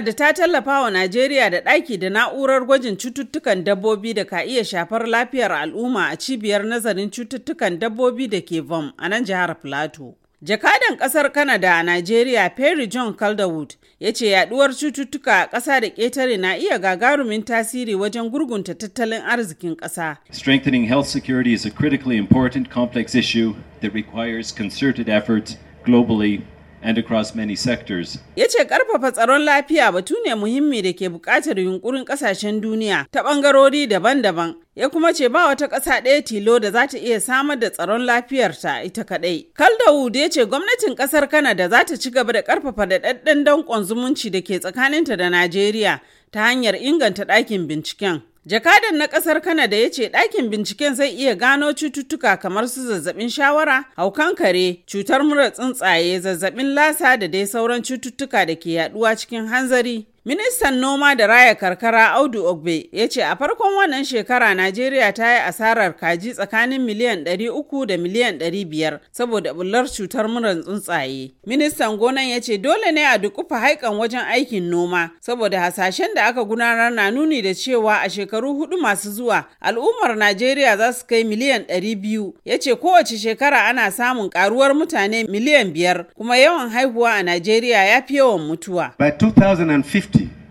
da ta tallafa wa Najeriya da ɗaki da na'urar gwajin cututtukan dabbobi da ka iya shafar lafiyar al'umma a cibiyar nazarin cututtukan dabbobi da ke VOM a nan jihar Plateau. Jakadan ƙasar Kanada a Najeriya Perry John Calderwood ya ce yaduwar cututtuka a ƙasa da ƙetare na iya gagarumin tasiri wajen gurgunta tattalin arzikin ƙasa. Strengthening health security is a critically important complex issue that requires concerted effort globally and across many sectors. Ya ce karfafa tsaron lafiya batu ne muhimmi da ke buƙatar yunkurin kasashen duniya ta bangarori daban-daban. Ya kuma ce ba wata ƙasa ɗaya tilo da za ta iya samar da tsaron lafiyarta ita kaɗai. Kaldawood ya ce gwamnatin ƙasar Kanada za ta ci gaba da ƙarfafa daɗaɗɗen danƙon zumunci da ke tsakaninta da Najeriya ta hanyar inganta ɗakin binciken. Jakadan na kasar Kanada ya ce ɗakin binciken zai iya gano cututtuka kamar su zazzabin shawara, haukan kare, cutar mura tsuntsaye, zazzabin lasa da dai sauran cututtuka da ke yaduwa cikin hanzari. Ministan noma da raya karkara Audu Ogbe ya ce a farkon wannan shekara Najeriya ta yi asarar kaji tsakanin miliyan ɗari uku da miliyan ɗari biyar, saboda bullar cutar muran tsuntsaye. Ministan gonan ya ce dole ne a dukufa haikan wajen aikin noma saboda hasashen da aka gudanar na nuni da cewa a shekaru hudu masu zuwa al'ummar Najeriya za su kai miliyan 200. Ya ce kowace shekara ana samun karuwar mutane miliyan biyar kuma yawan haihuwa a Najeriya ya fi yawan mutuwa. By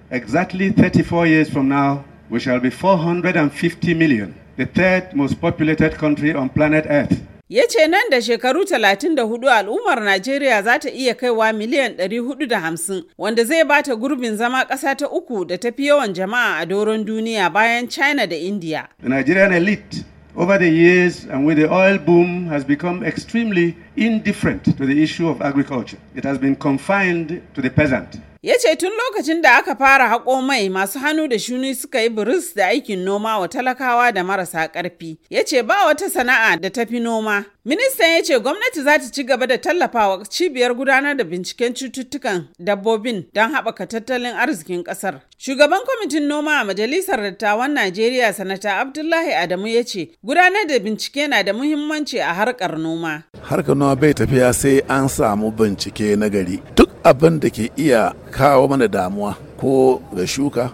Exactly 34 years from now, we shall be 450 million, the third most populated country on planet Earth. Ya ce nan da shekaru 34 al'ummar Najeriya za ta iya kaiwa miliyan 450 wanda zai bata gurbin zama ƙasa ta uku da tafi yawan jama'a a doron duniya bayan China da India. The Nigerian elite over the years and with the oil boom has become extremely indifferent to the issue of agriculture. It has been confined to the peasant. ya ce tun lokacin da aka fara haƙo mai masu hannu da shuni suka yi buris da aikin noma wa talakawa da marasa ƙarfi ya ce ba wata sana'a da tafi noma ministan ya ce gwamnati za ta ci gaba da tallafawa cibiyar gudanar da binciken cututtukan dabbobin don haɓaka tattalin arzikin ƙasar shugaban kwamitin noma a majalisar dattawan najeriya sanata abdullahi adamu ya ce gudanar da bincike na da muhimmanci a harkar noma harkar noma bai tafiya sai an samu bincike na gari abin da ke iya kawo mana damuwa ko ga shuka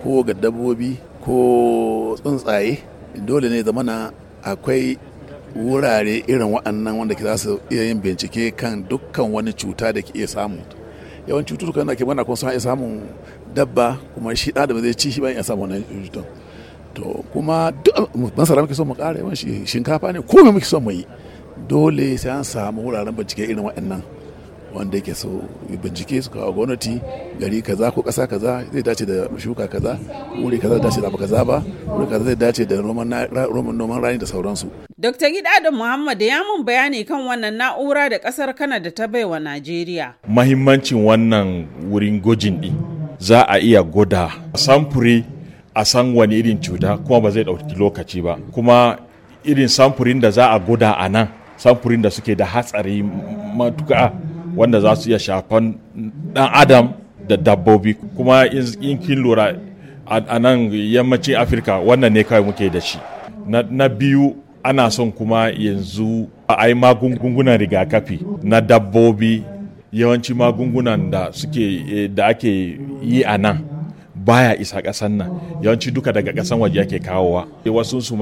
ko ga dabbobi ko tsuntsaye dole ne na akwai wurare irin waɗannan wanda ke za su iya yin bincike kan dukkan wani cuta da ke iya samu yawan cututtuka da ke mana kuma sun iya samun dabba kuma shi ɗan da zai ci shi ba ya samu wannan cuta to kuma duk masara muke son mu ƙara yawan shinkafa ne ko me muke son mu yi dole sai an samu wuraren bincike irin waɗannan wanda yake so bincike su kawo gwamnati gari kaza ko kasa kaza zai dace da shuka kaza wuri kaza dace da kaza ba wuri kaza zai dace da roman noman rani da sauransu. Dr. da Muhammad ya mun bayani kan wannan na'ura da kasar Kanada ta bai wa Najeriya. Mahimmancin wannan wurin gojin din za a iya goda samfuri a san wani irin cuta kuma ba zai ɗauki lokaci ba kuma irin samfurin da za a gwada a nan samfurin da suke da hatsari matuka wanda za su iya shafan dan adam da dabbobi kuma in kin lura a nan yammacin afirka wannan ne kawai muke da shi na biyu ana son kuma yanzu a yi magungunan rigakafi na dabbobi yawanci magungunan da suke eh, da ake yi a nan baya isa ƙasan nan yawanci duka daga ƙasan waje ake kawowa wasu su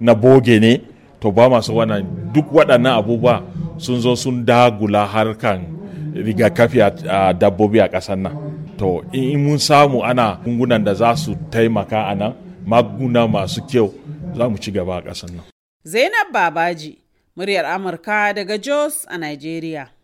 na boge ne to ba masu wannan duk waɗannan abubuwa sun zo sun dagula harkan rigakafi a dabbobi a ƙasar nan to in mun samu ana gungunan da za su taimaka a nan maguna masu kyau za mu ci gaba a ƙasar nan zainab babaji muryar amurka daga jos a nigeria